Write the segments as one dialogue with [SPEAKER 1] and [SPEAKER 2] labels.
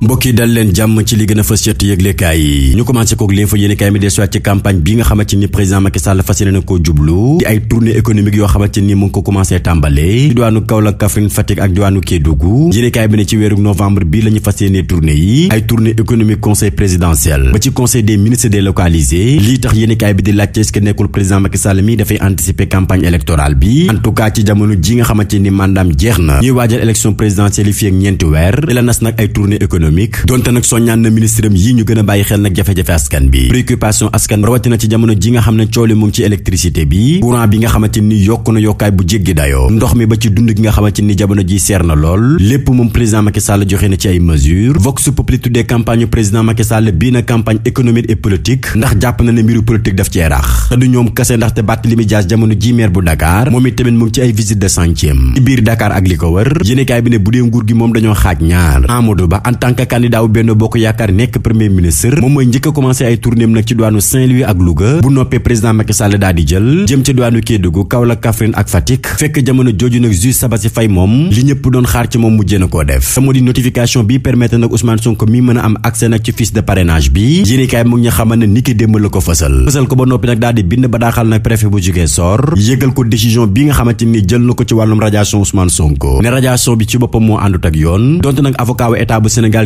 [SPEAKER 1] mbokki dal leen jàmm ci li gën a fës yett yëglekaay yi ñu commencé kook leen fa yéenekaay mi desuwaat ci campagne bi nga xamante ni président Macky Sall fas yéene na koo jublu di ay tournée économique yoo xamante ni mu ngi ko commencé tàmbale ci diwaanu Kaolack Kaffrine Fatick ak diwaanu Kédougou yéenekaay bi ne ci weeru novembre bi la ñu fas yéene tournée yi ay tournée économique conseil présidentiel ba ci conseil des ministres délocalisé lii tax yéenekaay en tout cas ci jamono économique donte nag soññaan na ministre yi ñu gën bàyyi xel nag jafe-jafe askan bi préoccupation askan rawatina ci jamono ji nga xam ne coole moom ci électricité bi courant bi nga xamante ni ci ni jamono ji seer na lool lépp moom président Macky joxe na ci ay mesures vox populi tuddee campagne président Macky Sall na campagne économique et politique ndax jàpp na ne mbiru politique daf cee rax te du ñoom kase ndaxte Barthélémy Dias jamono ji maire bu Dakar moom que candidat wu benn bokk yaakaar nekk premier ministre moom mooy njëkk a commencé ay tournée am nag ci diwaanu Saint-Louis ak Louga bu noppee président Macky Sall jël jëm ci diwaanu Kédougou Kaolack Kaffrine ak Fatick fekk jamono jooju nag juge Sabassy Faye moom li ñëpp doon xaar ci moom mujjee na koo def te di notification bi permettre nag Ousmane Sonko mi mën a am accès nag ci fiche de parrainage bi yéenekaay mu ngi ñu xamal ne ni ki démb la ko fësal fësal ko ko décision bi nga xamante ni jël na ko ci wàllum radiation Ousmane Sonko ne radiation bi ci boppam moo àndut ak yoon donte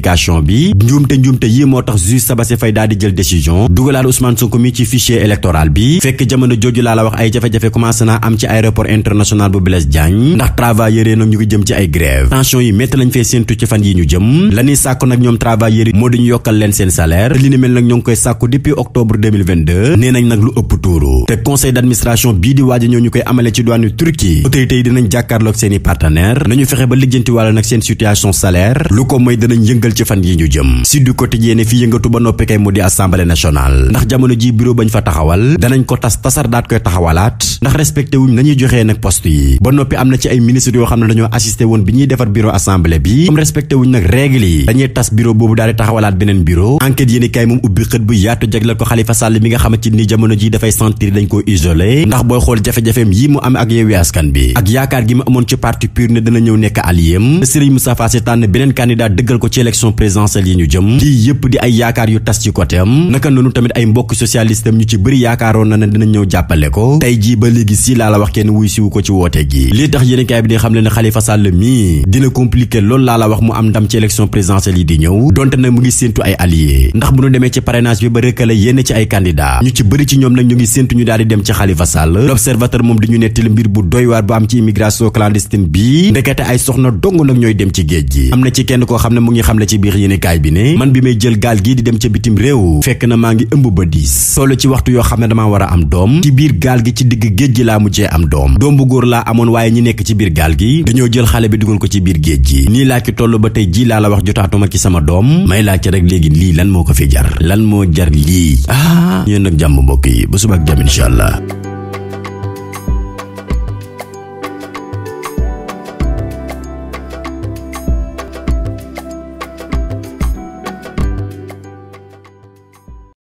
[SPEAKER 1] certification njuumte njuumte yi moo tax juge Sabassy Faye daal jël décision dugalaat Ousmane Sonko mi ci fichier électoral bi fekk jamono jooju laa la wax ay jafe-jafe commencé naa am ci aéroport international bu Blaise Diagne ndax travailleurs nag ñu ngi jëm ci ay grève tension yi métti lañ fee séentu ci fan yi ñu jëm la sàkku nag ñoom travailleurs yi moo dañu yokkal leen seen salaire te mel nag ñoo ngi koy sàkku depuis octobre nee nañ nag lu ëpp tuuru te conseil yëngal ci fan yi fi yëngatu ba noppi kay mu di assemblée nationale ndax jamono ji bureau bañ fa taxawal danañ ko tas tasar daat koy taxawalaat ndax respecté nañuy joxee nag poste yi ba noppi am na ci ay ministre yoo xam ne dañoo assisté woon bi ñuy defar bureau assemblée bi comme respecté nag règle yi dañuy tas bureau boobu daal di taxawalaat beneen bureau enquête yéen kay moom ubbi xët bu yaatu jagleel ko Xalifa Sall mi nga xamante ci parti élection présidentielle yi ñu jëm lii yëpp di ay yaakaar yu tas ci côté am naka noonu tamit ay mbokk socialiste wax kenn wuy siwu ko ci woote gi lii tax yéenekaay bi di xam le ne Khalifa mii dina compliqué loolu laa la wax mu am ndam ci élection présidentielle yi di ñëw donte nag mu ngi séentu ay alliés ndax bu ñu demee ci parrainage bi ba rëkkale yenn ci ay candidat ñu ci bëri ci ñoom nag ñu ngi séentu ñu daal dem ci Khalifa Sall l'observateur moom di ñu nettali mbir bu doy waar am ci immigration clandestine bi ndekete ay soxna dong nag ñooy dem ci géej gi am na ci kenn koo xam ne mu ngi xam ci biir yéenekaay bi ne man bi may jël gaal gi di dem ca bitim réew fekk na maa ngi ëmb ba diis toll ci waxtu yoo xam ne damaa war a am doom ci biir gaal gi ci digg géej gi laa mujjee am doom doom bu góor laa amoon waaye ñi nekk ci biir gaal gi dañoo jël xale bi dugal ko ci biir géej gi nii laa ci toll ba tey ji laa la wax jotaatuma ci sama doom may laa ci rek léegi lii lan moo ko fi jar lan moo jar lii ah yéen nag jàmm mbokk yi ba suba ak jàmm incha allah